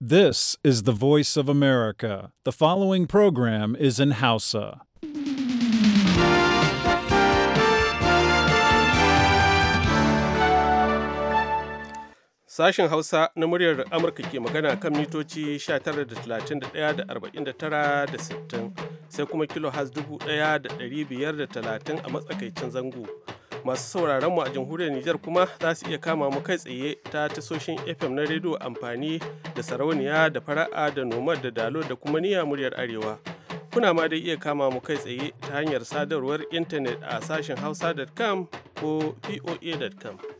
This is the voice of America. The following program is in Hausa. Sashen Hausa na muryar Amurka ke magana kan mitoci 19,31,49,60 sai kuma kilo has 1,530 a matsakaicin zango. masu sauraron mu a jamhuriyar Nijar kuma za su iya kama mu kai tsaye ta tasoshin FM na rediyo amfani da sarauniya da fara'a da nomar da dalo da kuma niyya muryar arewa. Kuna ma dai iya kama mu kai tsaye ta hanyar sadarwar intanet a sashen hausa.com ko poa.com.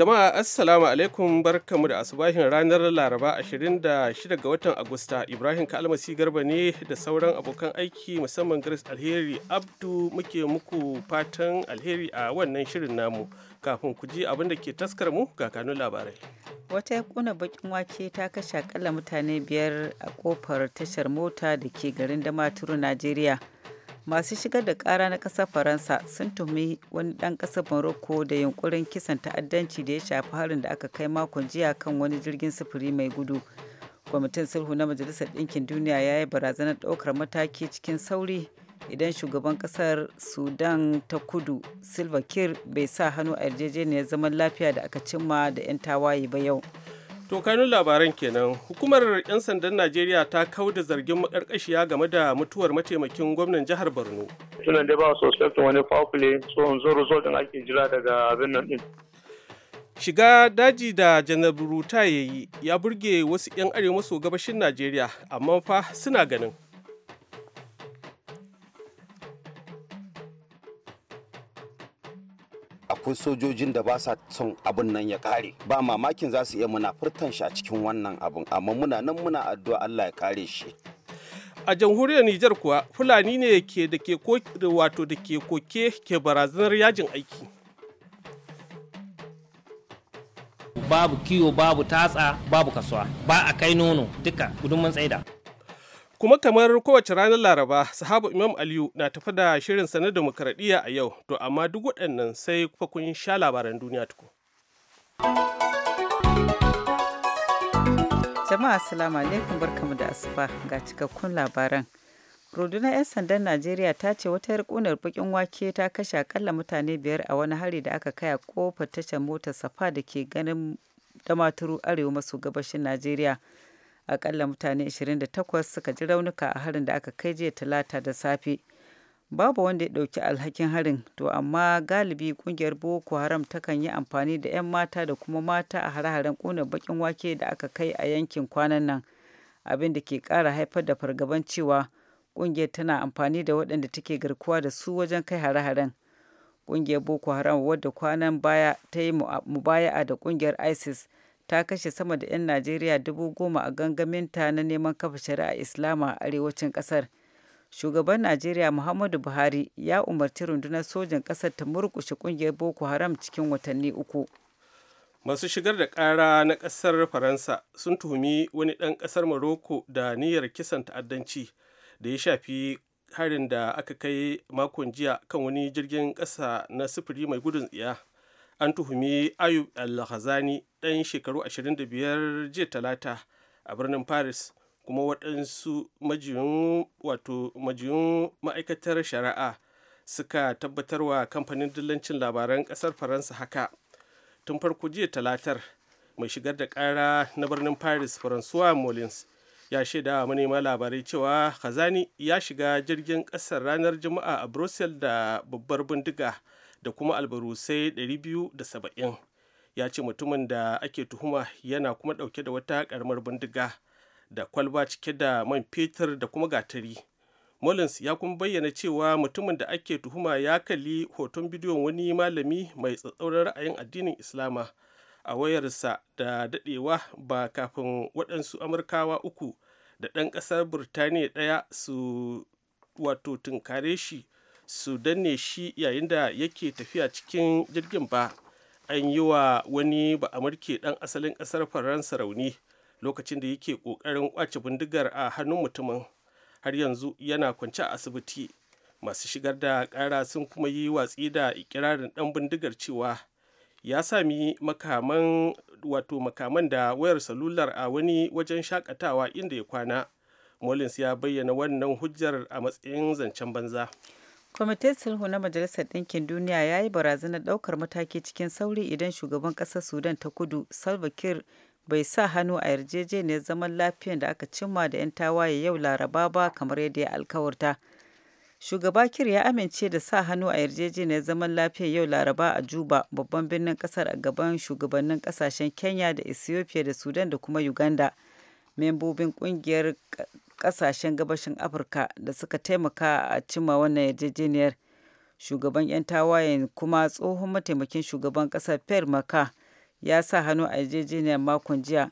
Jama'a Assalamu alaikum barkamu da asubahin ranar Laraba 26 ga watan Agusta Ibrahim Kalmasi Garba ne da sauran abokan aiki musamman Grace Alheri Abdu muke muku fatan alheri a wannan shirin namu kafin ku ji abin da ke taskar mu ga kanun labarai. Wata kuna bakin wake ta kashe akalla mutane biyar a kofar tashar mota da ke garin Damaturu Najeriya. masu shigar da kara na kasar faransa sun tumi wani dan kasar morocco da yunkurin kisan ta'addanci da ya shafi harin da aka kai makon jiya kan wani jirgin sufuri mai gudu kwamitin sulhu na majalisar ɗinkin duniya ya yi barazanar ɗaukar mataki cikin sauri idan shugaban kasar sudan ta kudu silva kir bai sa hannu a yarjejeniyar zaman lafiya da aka cimma da 'yan tawaye ba yau To kanun labaran kenan hukumar 'yan sandan Najeriya ta kauda zargin makarkashiya game da mutuwar mataimakin gwamnan jihar Borno. Tunan da ba su suspecting wani foul play so zo result din ake jira daga abin nan din. Shiga daji da janar Buruta ya yi ya burge wasu 'yan arewa maso gabashin Najeriya amma fa suna ganin. akwai sojojin da ba sa son abin nan ya kare ba mamakin za su iya munafurtan shi a cikin wannan abin amma muna nan muna addu'a Allah ya kare shi a jamhuriyar Nijar kuwa Fulani ne ke da ke wato da ke koke ke barazanar yajin aiki babu kiwo babu tatsa babu kasuwa ba a kai nono duka gudunmin tsada. tsaida Kuma kamar kowace ranar Laraba, sahabu Imam Aliyu na tafi da shirin sanar demokaradiyya a yau, to amma duk waɗannan sai fa kun sha labaran duniya tuku. Jama'a assalamu alaikum barkamu da asuba ga cikakkun labaran. rundunar 'yan sandan najeriya ta ce wata yarkunar bakin wake ta kashe akalla mutane biyar a wani hari da aka kai a kofar tashar motar safa da ke ganin damaturu arewa maso gabashin najeriya akalla mutane 28 suka ji raunuka a harin da aka kai jiya talata da safe babu wanda ya ɗauki alhakin harin to amma galibi ƙungiyar boko haram takan yi amfani da 'yan mata da kuma mata a hare-haren kuna bakin wake da aka kai a yankin kwanan nan abin da ke ƙara haifar da fargaban cewa ƙungiyar tana amfani da waɗanda take garkuwa da su wajen kai hare-haren kungiyar boko haram wadda kwanan baya ta yi mubaya'a da ƙungiyar isis ta kashe sama da 'yan Najeriya dubu goma a gangaminta na neman kafa shari'a Islama a arewacin ƙasar. Shugaban Najeriya Muhammadu Buhari ya umarci rundunar sojan ƙasar ta murƙushe ƙungiyar Boko Haram cikin watanni uku. Masu shigar da ƙara na ƙasar Faransa sun tuhumi wani ɗan ƙasar Morocco da niyyar kisan ta'addanci da ya shafi harin da aka kai makon jiya kan wani jirgin ƙasa na sufuri mai gudun tsiya. an tuhumi ayub al-hazani ɗan shekaru 25 jiya talata a birnin paris kuma waɗansu majiyun wato majiyun ma'aikatar shari'a suka tabbatar wa kamfanin dillancin labaran ƙasar faransa haka tun farko jiya talatar mai shigar da ƙara na birnin paris francois molins ya shaida manema labarai cewa hazani ya shiga jirgin ƙasar ranar juma'a a brussels da babbar bindiga da kuma albarusai 270 ya ce mutumin da ake tuhuma yana kuma ɗauke da wata karamar bindiga da kwalba cike da man fetur da kuma gatari mullins ya kuma bayyana cewa mutumin da ake tuhuma ya kalli hoton bidiyon wani malami mai tsatsauran ra'ayin addinin islama a wayarsa da dadewa ba kafin waɗansu amurkawa uku da ɗan ƙasar birtaniya ɗaya su wato tunkare shi su danne shi yayin da yake tafiya cikin jirgin ba an yi wa wani ba amurke dan asalin kasar faransa rauni lokacin da yake kokarin kwace bindigar a hannun mutumin har yanzu yana kwance a asibiti masu shigar da kara sun kuma yi watsi da ikirarin dan bindigar cewa ya sami makaman wato makaman da wayar salular a wani wajen shakatawa inda ya kwana Mullins ya bayyana wannan hujjar a matsayin zancen banza. kwamitin sulhu na majalisar ɗinkin duniya ya yi barazanar ɗaukar mataki cikin sauri idan shugaban ƙasar sudan ta kudu salva kiir bai sa hannu a yarjejeniyar zaman lafiyar da aka cimma da 'yan tawaye yau laraba ba kamar yadda ya alkawarta shugaba kir ya amince da sa hannu a yarjejeniyar zaman lafiyar yau laraba a juba babban birnin ƙasar a gaban shugabannin ƙasashen kenya da ethiopia da sudan da kuma uganda membobin ƙungiyar. kasashen gabashin afirka da suka taimaka a cima wannan yarjejeniyar shugaban 'yan tawayen kuma tsohon mataimakin shugaban kasar Per maka ya sa hannu a yarjejeniyar makon jiya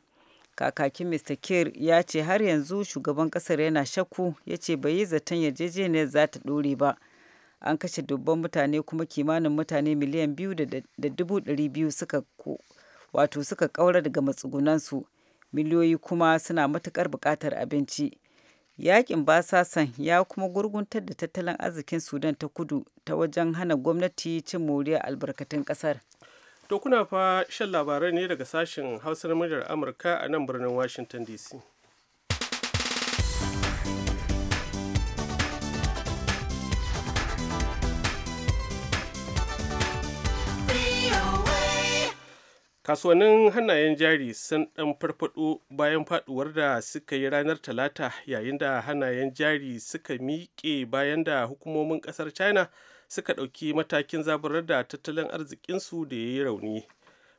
kakakin mr kir ya ce har yanzu shugaban kasar yana shakku ya ce bai yi zaton yarjejeniyar za ta dore ba an kashe dubban mutane kuma kimanin mutane miliyan biyu da dubu ɗari biyu suka wato suka ƙaura daga matsugunansu miliyoyi kuma suna matuƙar buƙatar abinci Yakin basasan ya kuma gurguntar da tattalin arzikin Sudan ta kudu ta wajen hana gwamnati cin moriyar albarkatun kasar. To kuna fa shan labarai ne daga sashen Hausar Muryar Amurka a nan birnin Washington DC. kasuwannin hannayen jari sun ɗan farfaɗo bayan faɗuwar da suka yi ranar talata yayin da hannayen jari suka miƙe bayan da hukumomin ƙasar china suka ɗauki matakin zaburar da tattalin arzikinsu da ya yi rauni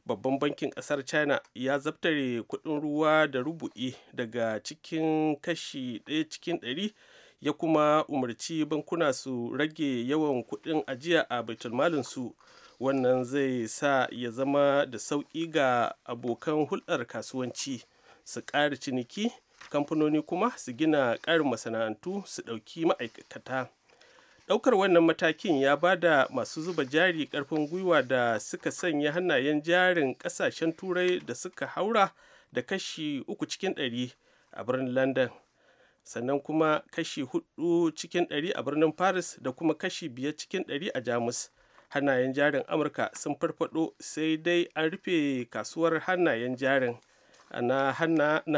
babban bankin ƙasar china ya zabtare kuɗin ruwa da rubu'i daga cikin kashi ɗaya cikin ɗari ya kuma umarci bankuna su rage yawan kuɗin ajiya a baitulmalinsu su wannan zai sa ya zama da sauƙi ga abokan hulɗar kasuwanci su ƙara ciniki kamfanoni kuma su gina ƙarin masana'antu su ɗauki ma'aikata ɗaukar wannan matakin ya ba da masu zuba jari ƙarfin gwiwa da suka sanya hannayen jarin ƙasashen turai da suka haura da kashi uku cikin ɗari a birnin london sannan kuma kashi hudu cikin ɗari a birnin paris da kuma kashi biyar cikin ɗari a jamus hannayen jarin amurka sun farfado sai dai an rufe kasuwar hannayen jarin na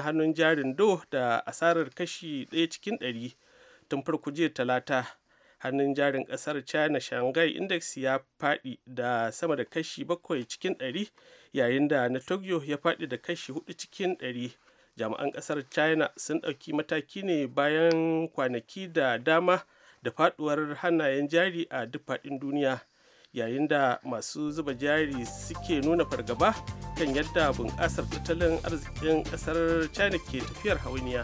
hannun jarin do da asarar kashi ɗaya cikin ɗari tun farko jiya talata hannun jarin ƙasar china shanghai index ya faɗi da sama da kashi bakwai cikin ɗari yayin da na tokyo ya faɗi da kashi hudu cikin ɗari jami'an ƙasar china sun ɗauki mataki ne bayan kwanaki da dama da faɗuwar hannayen jari a duk faɗin duniya yayin da masu zuba jari suke nuna fargaba kan yadda bunƙasar tattalin arzikin ƙasar china ke tafiyar hawainiya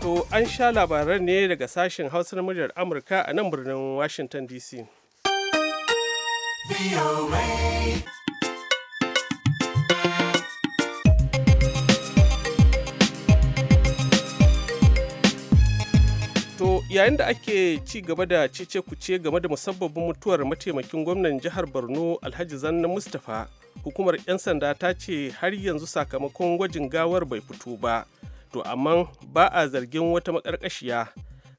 to an sha labaran ne daga sashen hausa na muryar amurka a nan birnin washington dc To yayin da ake ci gaba da cece kuce game da musabbabin mutuwar mataimakin gwamnan jihar Borno Alhaji Zanna Mustapha, hukumar 'yan sanda ta ce har yanzu sakamakon gwajin gawar bai fito ba. To amma ba a zargin wata makarkashiya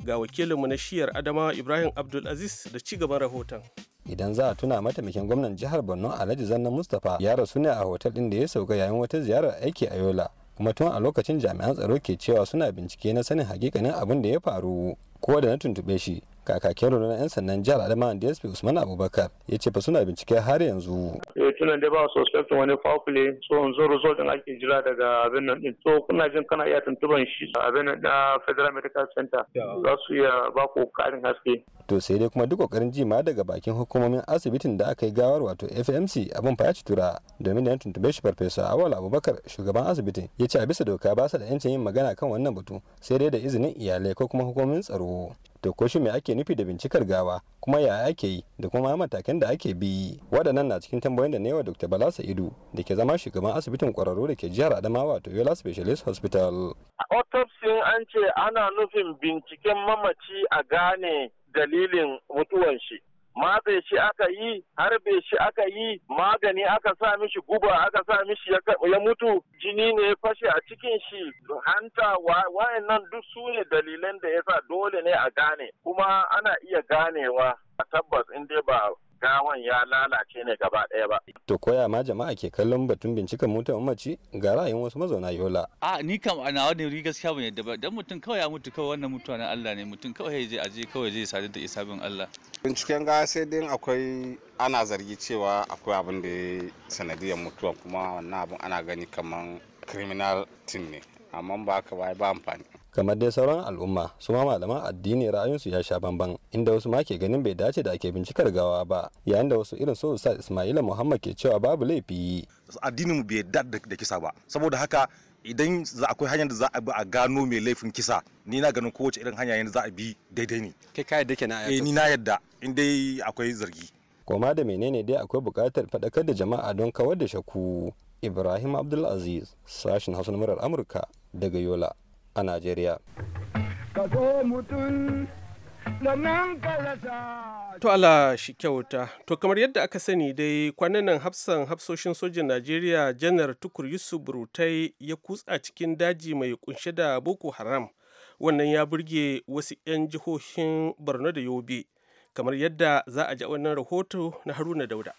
ga wakilinmu na shiyar Adama Ibrahim Abdulaziz da ci gaban rahoton. idan za a tuna mataimakin gwamnan jihar borno alhaji zanna mustapha ya rasu ne a hotel ɗin da ya sauka yayin wata ziyarar aiki a yola kuma tun a lokacin jami'an tsaro ke cewa suna bincike na sanin hakikanin abin da ya faru ko da na tuntube shi kakakin rundunar 'yan sannan jihar adama dsp usman abubakar ya ce fa suna bincike har yanzu eh, tunan da ba suspect wani fafule so yanzu result din ake jira daga abin nan din so kuna jin kana iya tuntuban shi abin nan na federal medical center za su iya ba ku karin haske to sai dai kuma duk kokarin ji ma daga bakin hukumomin asibitin da aka yi gawar wato fmc abin fa ya ci tura domin da yan tuntube shi farfesa awal abubakar shugaban asibitin ya ce a bisa doka ba su da yancin yin magana kan wannan batu sai dai da izinin iyalai ko kuma hukumomin tsaro to ko shi me ake nufi da bincikar gawa kuma ya ake yi da kuma matakan da ake bi waɗannan na cikin tambayoyin da ne wa dr bala sa'idu da ke zama shugaban asibitin kwararru da ke jihar adamawa to yola specialist hospital autopsy an ce ana nufin binciken mamaci a gane dalilin mutuwan shi matse shi aka yi harbe shi aka yi magani aka sa mishi guba aka sa mishi ya mutu jini ne ya fashe a cikin shi hanta wayannan duk su ne dalilan da sa dole ne a gane kuma ana iya ganewa a tabbas in dai ba gawan ya lalace ne gaba ɗaya ba. To koya ma jama'a ke kallon batun binciken motar mamaci ga ra'ayin wasu mazauna Yola. A ni kam a nawa ne gaskiya ban yadda ba dan mutum kawai ya mutu kawai wannan mutuwa na Allah ne mutum kawai ya je aje kawai zai sadu da isabin Allah. Binciken gaya sai dai akwai ana zargi cewa akwai abin da ya sanadiyar mutuwa kuma wannan abin ana gani kaman criminal tin ne amma ba haka ba amfani. kamar dai sauran al'umma su ma malaman addini ra'ayin su ya sha bamban inda wasu ma ke ganin bai dace da ake bincikar gawa ba yayin da wasu irin su Ustaz Ismaila Muhammad ke cewa babu laifi addinin mu bai dace da kisa ba saboda haka idan akwai hanyar da za a bi a gano mai laifin kisa ni na ganin kowace irin hanya yanda za a bi daidai ne kai ka yadda eh ni na yadda in dai akwai zargi koma da menene dai akwai bukatar faɗakar da jama'a don kawar da shaku Ibrahim Abdulaziz sashin Hausa na Amurka daga Yola a najeriya To Allah shi kyauta. To kamar yadda aka sani dai kwanan nan hafsan hafsoshin sojin Najeriya janar Tukur Yusuf Burutai ya kutsa cikin daji mai kunshe da Boko Haram. Wannan ya burge wasu 'yan jihohin Borno da Yobe. Kamar yadda za a ji wannan rahoto na Haruna Dauda.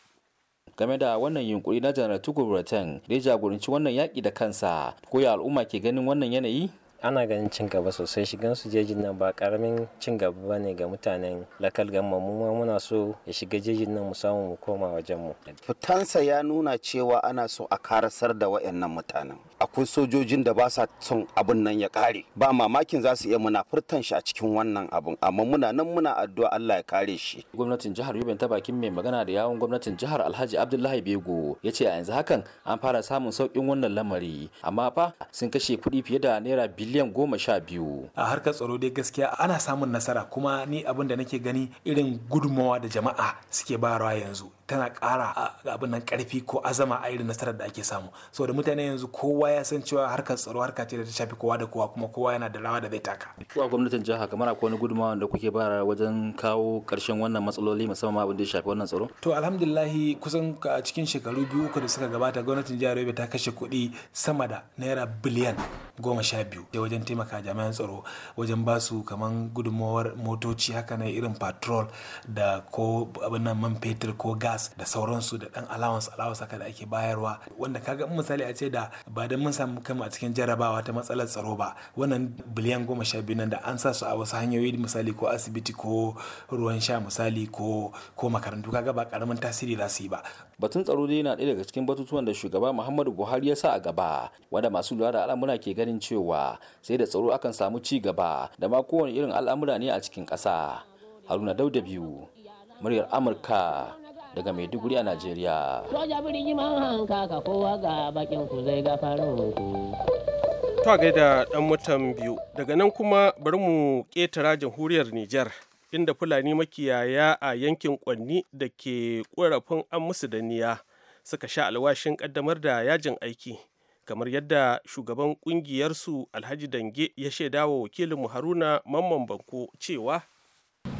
game da wannan yunkuri na janar tukur da ya jagoranci wannan yaƙi da kansa ko ya al'umma ke ganin wannan yanayi ana ganin cin gaba sosai shigan su jejin nan ba karamin cin gaba ba ne ga mutanen lakal gamma mu ma muna so ya shiga jejin nan mu samu mu koma wajen mu fitansa ya nuna cewa ana so a karasar da wayannan mutanen akwai sojojin da ba sa son abun nan ya kare ba mamakin za su iya muna furtan shi a cikin wannan abun amma muna nan muna addu'a Allah ya kare shi gwamnatin jihar Yobe ta bakin mai magana da yawun gwamnatin jihar Alhaji Abdullahi Bego ya ce a yanzu hakan an fara samun saukin wannan lamari amma fa sun kashe kuɗi fiye da naira biliyan miliyan goma sha biyu a harkar tsaro dai gaskiya ana samun nasara kuma ni abin da nake gani irin gudunmawa da jama'a suke bayarwa yanzu tana ƙara abin nan ƙarfi ko azama a irin nasarar da ake samu saboda mutane yanzu kowa ya san cewa harkar tsaro harka ce da ta shafi kowa da kowa kuma kowa yana da rawa da zai taka. Kuwa gwamnatin jiha kamar akwai wani gudunmawa da kuke ba wajen kawo ƙarshen wannan matsaloli musamman abin da ya shafi wannan tsaro. To alhamdulillahi kusan a cikin shekaru biyu uku da suka gabata gwamnatin jihar Yobe ta kashe kuɗi sama da naira biliyan goma sha biyu da wajen taimaka jami'an tsaro wajen ba su kamar gudunmawar motoci haka na irin patrol da ko abin nan man fetur ko gas gas da sauransu da dan allowance allowance haka da ake bayarwa wanda kaga misali a ce da ba da mun samu kama a cikin jarabawa ta matsalar tsaro ba wannan biliyan goma sha biyu nan da an sa su a wasu hanyoyi misali ko asibiti ko ruwan sha misali ko ko makarantu kaga ba karamin tasiri za su yi ba batun tsaro dai yana ɗaya daga cikin batutuwan da shugaba muhammadu buhari ya sa a gaba wanda masu lura da al'amura ke ganin cewa sai da tsaro akan samu ci gaba da ma kowane irin al'amura ne a cikin ƙasa haruna dauda biyu muryar amurka daga Maiduguri a Najeriya. Soja birni man hanka ka kowa ga bakin ku zai ga farin ku. To gaida dan mutan biyu daga nan kuma bari mu ƙetara jamhuriyar Nijar inda Fulani makiyaya a yankin Kwanni da ke ƙorafin an musu danniya suka sha alwashin kaddamar da yajin aiki kamar yadda shugaban ƙungiyarsu Alhaji Dange ya shaidawa wakilinmu Haruna Mamman Banko cewa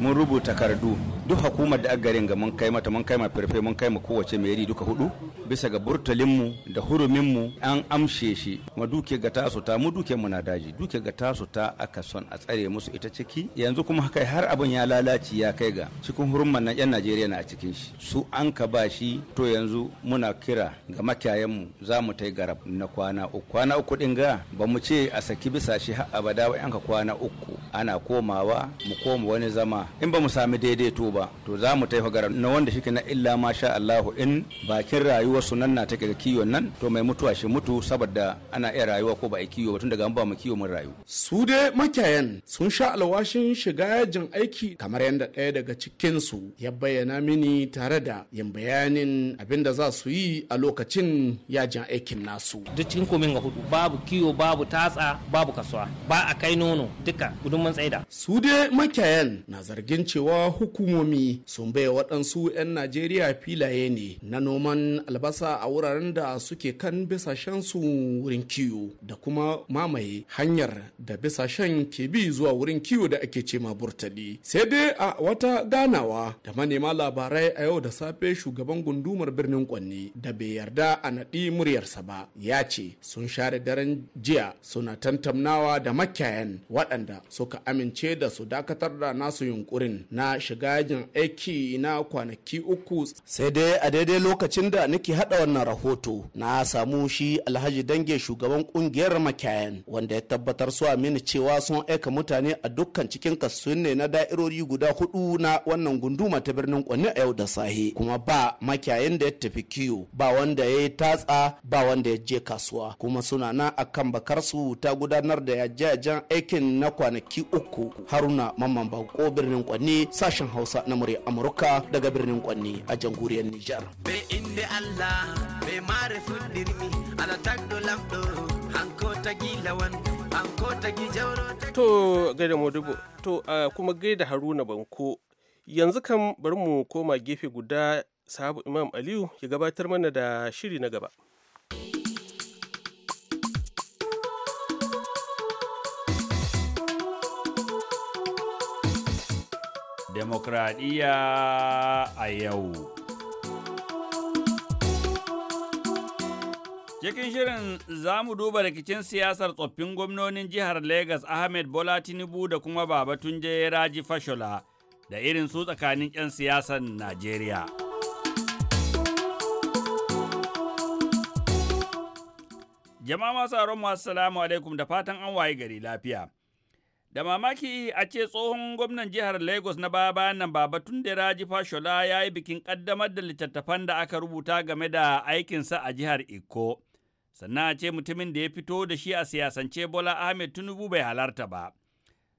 mun rubuta takardu duk hukumar da garin ga mun kai mata mun kai ma firfe mun kai ma kowace yari duka hudu bisa ga burtalinmu da huruminmu an amshe shi ma duke ga tasu ta mu duke muna daji duke ga tasu ta aka son a tsare musu ita ciki yanzu kuma kai har abin ya lalace ya kai ga cikin hurumman nan yan Najeriya na a cikin shi su an ka ba shi to yanzu muna kira ga makiyayenmu za mu tai garab na kwana uku kwana uku din ga ba mu ce a saki bisa shi har abada ba yanka kwana uku ana komawa mu koma wani zama in ba mu sami daidaito ba to za mu taifa garan na wanda shike na illa ma sha Allahu in bakin rayuwar su nan na take ga kiwon nan to mai mutuwa shi mutu saboda ana iya rayuwa ko ba a kiwo ba tun daga an ba mu kiwo mun rayu su dai makiyayan sun sha alwashin shiga yajin aiki kamar yadda ɗaya daga cikin su ya bayyana mini tare da yin bayanin abin za su yi a lokacin yajin aikin nasu duk cikin komin ga hudu babu kiwo babu tatsa babu kasuwa ba a kai nono duka gudun mun tsaida su dai makiyayan na zargin cewa hukumomi sun bai waɗansu 'yan najeriya filaye ne na noman albasa a wuraren da suke kan bisashen su wurin kiwo da kuma mamaye hanyar da bisashen ke bi zuwa wurin kiwo da ake cema burtali sai dai a wata ganawa da manema labarai a yau da safe shugaban gundumar birnin kwanne da bai yarda a naɗi muryarsa ba ya ce sun share daren jiya suna tantamnawa da makiyayan waɗanda suka amince da su dakatar da nasu yunkurin na shiga jin aiki na kwanaki uku sai dai a daidai lokacin da nake hada wannan rahoto na samu shi alhaji dange shugaban kungiyar makayan wanda ya tabbatar su mini cewa sun aika mutane a dukkan cikin ne na da'irori guda hudu na wannan gunduma ta birnin kwanne a yau da sahi kuma ba makayan da ya tafi kiyo ba wanda ya yi tatsa ba wanda ya je kasuwa kuma suna nan akan bakar su ta gudanar da yajajen aikin na kwanaki uku haruna mamman bako birnin Kwanni sashen Hausa na murya Amurka daga birnin Kwanni a jamhuriyar Nijar. to gaida Modibo to kuma gaida Haruna Banko yanzu kan bari mu koma gefe guda sahabu Imam Aliyu ya gabatar mana da shiri na gaba. demokradiyya a yau. Cikin shirin za mu duba rikicin siyasar tsoffin gwamnonin jihar Legas Ahmed Bola Tinubu da kuma Baba Tunje Raji Fashola da irin su tsakanin 'yan siyasar Najeriya. Jama'a masu aron masu salamu alaikum da fatan an wayi gari lafiya. Da mamaki a ce tsohon gwamnan jihar Lagos na baba nan baba tun da Raji Fashola ya yi bikin ƙaddamar da littattafan da aka rubuta game da aikinsa a jihar Iko. Sannan a ce mutumin da ya fito da shi a siyasance Bola Ahmed Tinubu bai halarta ba.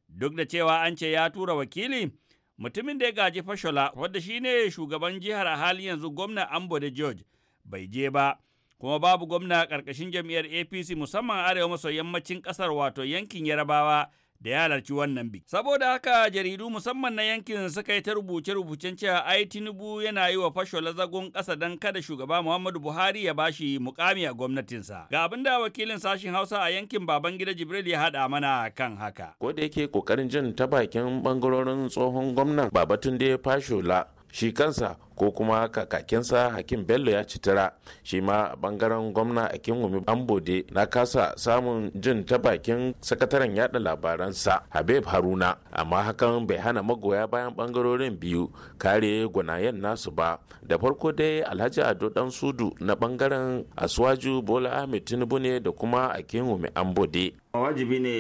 Duk da cewa an ce ya tura wakili, mutumin da ya gaji Fashola wadda shi ne shugaban jihar a hali yanzu gwamna Ambo da George bai je ba. kuma babu gwamna ƙarƙashin jam'iyyar APC musamman arewa maso yammacin ƙasar wato yankin Yarabawa da ya halarci wannan biki. Saboda haka jaridu musamman na yankin suka yi ta rubuce-rubucen cewa ai Tinubu yana yi wa fashola zagon ƙasa don kada shugaba Muhammadu Buhari ya bashi mukami a gwamnatinsa. Ga abin da wakilin sashin Hausa a yankin Babangida Jibril ya haɗa mana kan haka. Ko da yake kokarin jin ta bakin bangarorin tsohon gwamnan Babatunde Fashola shi kansa ko kuma kakakinsa hakim bello ya citara shi ma a bangaren gwamna kin wumi ambode na kasa samun jin ta bakin sakataren yada labaransa habib haruna amma hakan bai hana magoya bayan bangarorin biyu kare gwanayen nasu ba da farko dai alhaji ado dan sudu na bangaren aswaju bola ahmed tinubu ne da kuma kin wumi ambode wajibi ne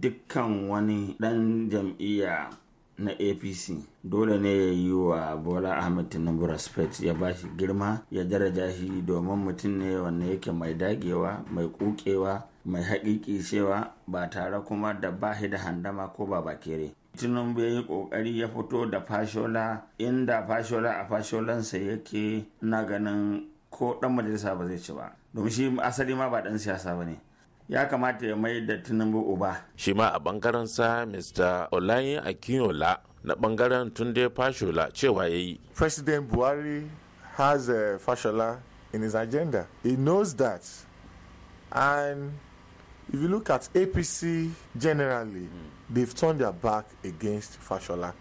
dukkan wani dan jam'iyya na apc dole ne ya yi wa bola ahmed tinubu respect ya ba shi girma ya daraja shi domin mutum ne wanda yake mai dagewa mai kukewa mai haƙiƙi cewa ba tare kuma da bahi da handama ko ba bakere tinubu ya yi kokari ya fito da fashola inda fashola a fasholansa yake na ganin ko dan majalisa ba zai ci ba domin shi asali ma ba dan siyasa ba ne ya kamata ya mai da tinubu uba shi ma a bangaren sa mr akinola na bangaren tunde fashola cewa ya yi president buhari has a fashola in his agenda he knows that and if you look at apc generally they've turned their back against fashola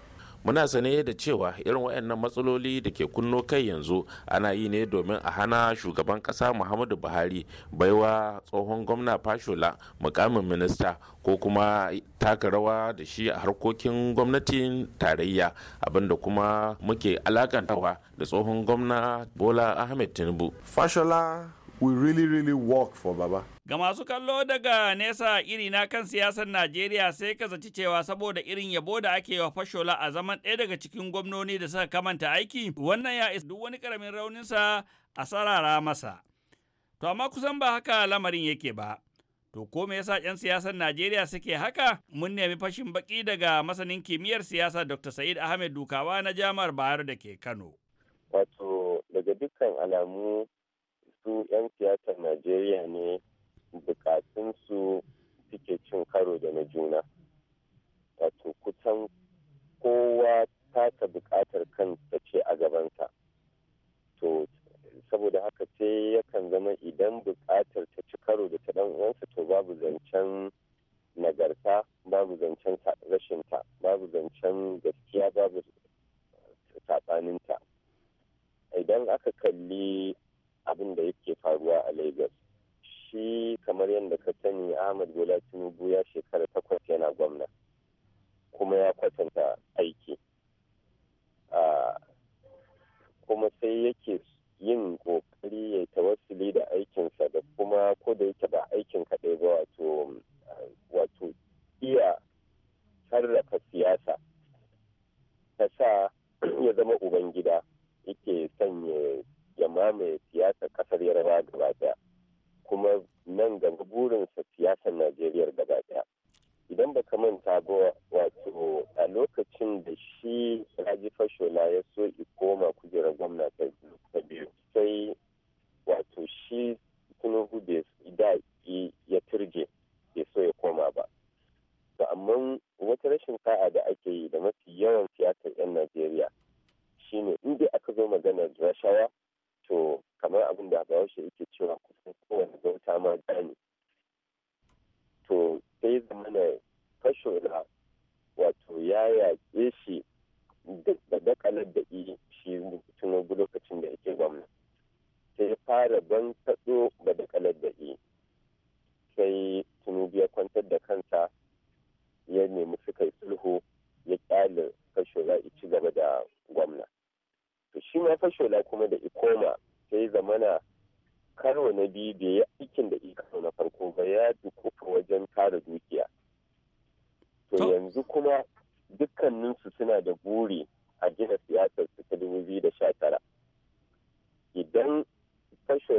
muna sane da cewa irin waɗannan matsaloli da ke kunno kai yanzu ana yi ne domin a hana shugaban ƙasa muhammadu buhari baiwa tsohon gwamna fashola mukamin minista ko kuma taka rawa da shi a harkokin gwamnatin tarayya abinda kuma muke alakantawa da tsohon gwamna bola ahmed tinubu fashola we really really work for baba ga masu kallo daga nesa iri na kan siyasar najeriya sai ka zaci cewa saboda irin yabo da ake wa fashola a zaman ɗaya daga cikin gwamnoni da suka kamanta aiki wannan ya isa duk wani karamin rauninsa a sarara masa to amma kusan ba haka lamarin yake ba to ko me yasa 'yan siyasar najeriya suke haka mun nemi fashin baki daga masanin kimiyyar siyasa dr sa'id ahmed dukawa na jami'ar bayero da ke kano wato daga dukkan alamu su 'yan siyasar najeriya ne bukatunsu suke cin karo da na juna wato kusan kowa taka bukatar kan ta ce a gabansa to saboda haka ce yakan zama idan bukatar ta ci karo da ta dan uwansa to babu zancen nagarta babu zancen rashinta babu zancen gaskiya babu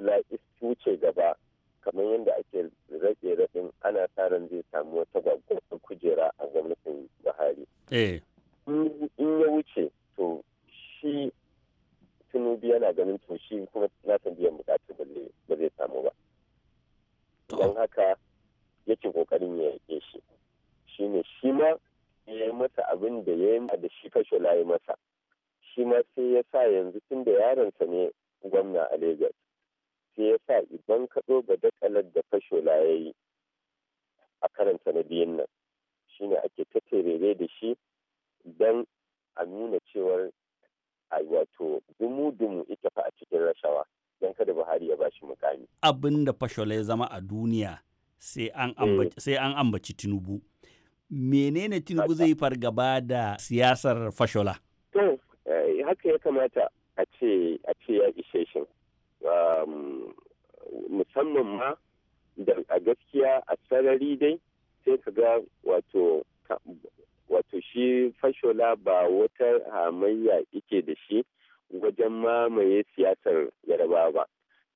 zaɓi wuce gaba kamar yadda ake rage raɗin ana sa ran zai samu wata babbar kujera a gwamnatin buhari eh. in ya wuce to shi tunubi yana ganin to shi kuma na san biyan bukatu ba zai samu ba don haka yake kokarin ya yake shi shi ne shi ma ya yi mata abin da ya yi da shi kashe layi mata shi ma sai ya sa yanzu tun da yaronsa ne gwamna a lagos sai ya sa idan ka zo ga dakalar da fashola ya yi a karanta na biyun nan shine ake ta terere da shi don a nuna cewar a wato dumu-dumu ita fa a cikin rashawa don kada buhari ya ba shi mukami abin da fashola ya zama a duniya sai an eh. ambaci tinubu menene tinubu zai fargaba da siyasar fashola to eh, haka ya kamata a ce ya ishe shi Um, musamman ma da a gaskiya a sarari dai sai ka ga wato wato shi fashola ba wata hamayya ike da shi wajen mamaye siyasar yarbawa ba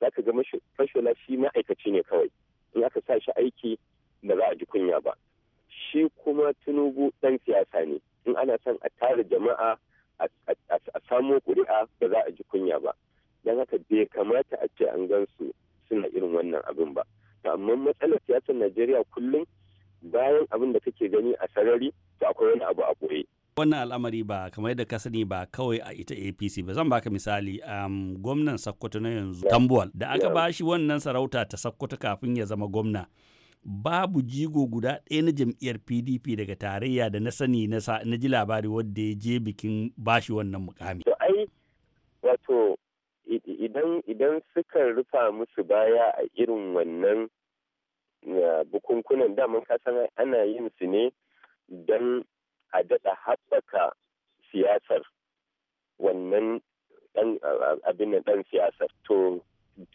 za ka ga fashola shi ma'aikaci ne kawai in aka sa shi aiki da za a ji kunya ba shi kuma tunubu dan siyasa ne in ana son a tara jama'a a samo kuri'a ba za a ji kunya ba don haka bai kamata a ce an gan su suna irin wannan abin ba amma matsalar siyasar najeriya kullum bayan abin da kake gani a sarari to akwai wani abu a boye wannan al'amari ba kamar yadda ka sani ba kawai a ita apc ba zan baka misali um, gwamnan sokoto na yanzu tambuwal da aka ba shi wannan sarauta ta sokoto kafin ya zama gwamna babu jigo guda ɗaya na jam'iyyar pdp daga tarayya da na sani na ji labari wadda ya je bikin bashi wannan mukami idan suka rufa musu baya a irin wannan bukunkunan daman kasan ana yin su ne don a daɗa haɓaka siyasar wannan abin ɗan siyasar to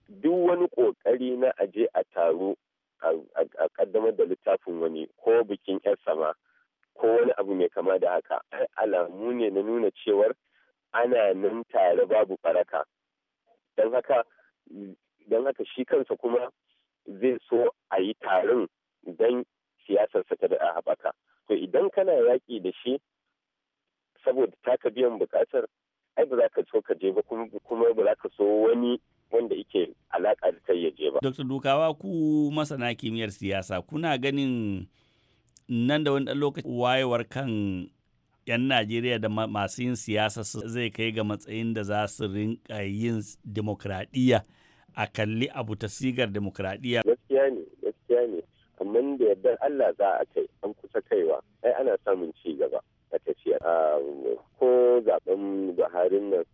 duk wani ƙoƙari na aje a taro a ƙaddamar da littafin wani ko bikin 'yar sama ko wani abu mai kama da haka alamu ne na nuna cewar ana nan tare babu faraka don haka shi kansa kuma zai so a yi taron don siyasarsa ta da haɓaka to idan kana yaƙi da shi saboda taka biyan buƙatar ai ba za ka so ka je ba kuma ba za ka so wani wanda yake alaƙa da kai ya je ba. Dr. Dukawa ku masana kimiyyar siyasa kuna ganin nan da wani ɗan lokaci wayewar kan 'yan Najeriya da masu yin siyasa zai kai ga matsayin da za su rinka yin demokradiyya a kalli abu ta sigar demokradiyya. Gaskiya ne, gaskiya ne, amma da yadda Allah za a kai an kusa kaiwa, ai ana samun ci gaba a tafiya. Ko zaben Buhari nan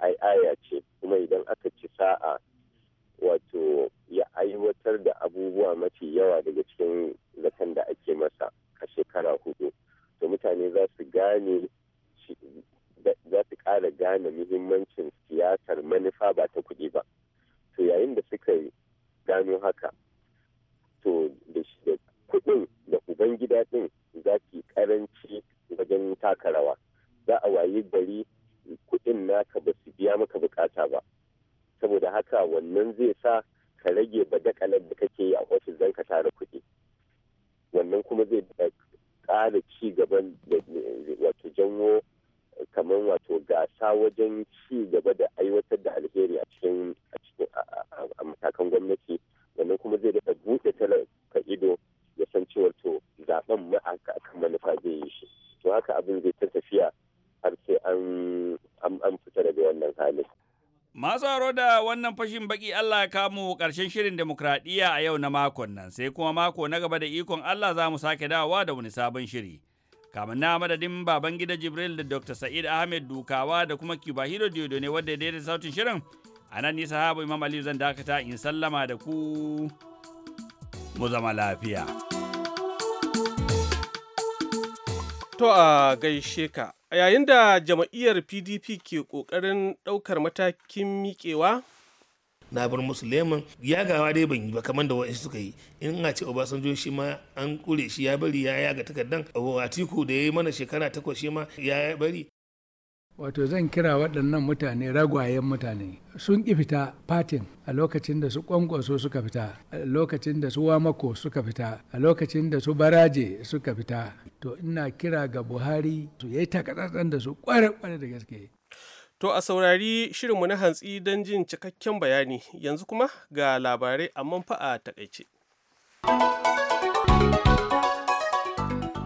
ai aya ce, kuma idan aka ci sa'a wato ya aiwatar da abubuwa mafi yawa daga cikin zakan da ake masa a shekara hudu. da mutane za su gane za su ƙara gane muhimmancin siyasar manufa ba ta kuɗi ba to yayin da suka gano haka to da kuɗin da ubangida ɗin za ki ƙaranci wajen taka rawa za a wayi gari kuɗin naka ba su biya maka bukata ba saboda haka wannan zai sa ka rage badakalar da kake yi a ofis zan ka tara kuɗi wannan kuma zai ƙara ci gaban wato janwo kamar wato gasa wajen ci gaba da aiwatar da alheri a cikin a matakan gwamnati wannan kuma zai da buɗe talaka ido ya san cewar to zaben ma akan manufa zai yi shi to haka abin zai ta tafiya har sai an fita daga wannan halin Masu haro da wannan fashin baki Allah ya kamo ƙarshen shirin demokradiyya a yau na makon nan sai kuma mako na gaba da ikon Allah za mu sake dawowa da wani sabon shiri. Kamun na madadin baban gida Jibril da Dr. Sa'id Ahmed Dukawa da kuma Cuba Hiro Diodo ne wadda ya daidaita sautin shirin. A nan nisa sahabu Imam Aliyu zan dakata in sallama da ku mu zama lafiya. To a gaishe ka, a yayin da jama'iyyar PDP ke ƙoƙarin ɗaukar matakin miƙewa? na bar musu ya gawa dai ban yi ba kamar da wa'insu suka yi in a ce obasanjo shi ma an kure shi ya bari ya yaga takardan atiku da ya yi mana shekara takwas shi ma ya bari wato zan kira waɗannan mutane ragwayen mutane sun ƙi fita fatin a lokacin da su ƙwanƙwaso suka fita a lokacin da su wamako suka fita a lokacin da su baraje suka fita to ina kira ga buhari su yi takatsantsan da su ƙware-ƙware da gaske to a saurari shirinmu na hantsi don jin cikakken bayani yanzu kuma ga labarai amma fa a takaice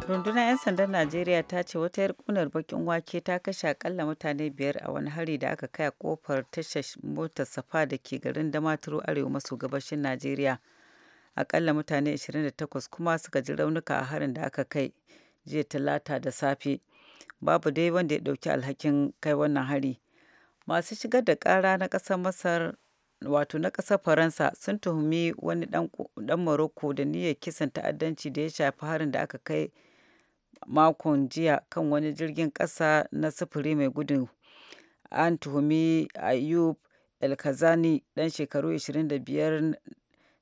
rundunar 'yan sandan najeriya ta ce wata 'yar kunar bakin wake ta kashe akalla mutane biyar a wani hari da aka kai a kofar tashar motar safa da ke garin damaturu arewa maso gabashin najeriya akalla mutane 28 kuma suka ji raunuka a harin da aka kai jiya talata da safe babu dai wanda ya dauki alhakin kai wannan hari masu shigar da kara na kasar masar wato na kasar faransa sun tuhumi wani dan maroko da niyyar kisan ta'addanci da ya shafi harin da aka kai makon jiya kan wani jirgin ƙasa na sufuri mai gudun an tuhumi ayub elkazani ɗan shekaru 25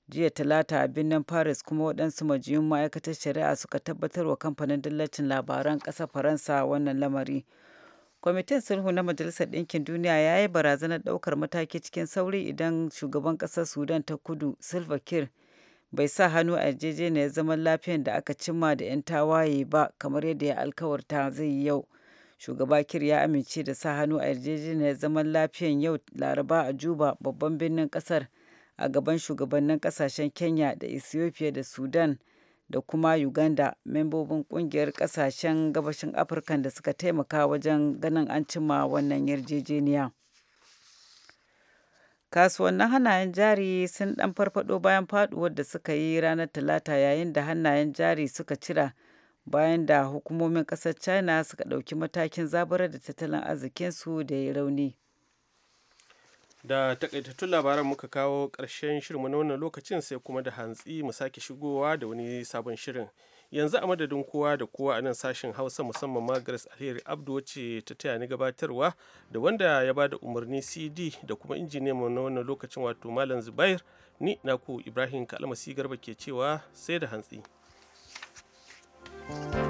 jiya talata a birnin paris kuma waɗansu majiyun ma'aikatar shari'a suka tabbatar wa kamfanin dillacin labaran ƙasar faransa wannan lamari kwamitin sulhu na majalisar ɗinkin duniya ya yi barazanar ɗaukar mataki cikin sauri idan shugaban ƙasar sudan ta kudu silva kir bai sa hannu a yarjejeniyar zaman lafiyan da aka cimma da 'yan tawaye ba kamar yadda ya alkawarta zai yi yau shugaba kir ya amince da sa hannu a yarjejeniyar zaman lafiyan yau laraba a juba babban birnin kasar a gaban shugabannin kasashen kenya da ethiopia da sudan da kuma uganda membobin kungiyar kasashen gabashin afirka da suka taimaka wajen ganin an cimma wannan yarjejeniya kasuwannin hannayen jari sun dan farfado bayan faduwar da suka yi ranar talata yayin da hannayen jari suka cira bayan da hukumomin kasar china suka dauki matakin zaburar da tattalin arzikinsu da ya rauni da takaitattun labaran muka kawo karshen shirin na wannan lokacin sai kuma da hantsi mu sake shigowa da wani sabon shirin yanzu a madadin kowa da kowa a nan sashen hausa musamman ma grace alheri abdu wacce ta taya ni gabatarwa da wanda ya bada umarni cd da kuma injiniya mu na wannan lokacin wato malam zubair ni naku ibrahim kalmasi garba ke cewa sai da hantsi thank you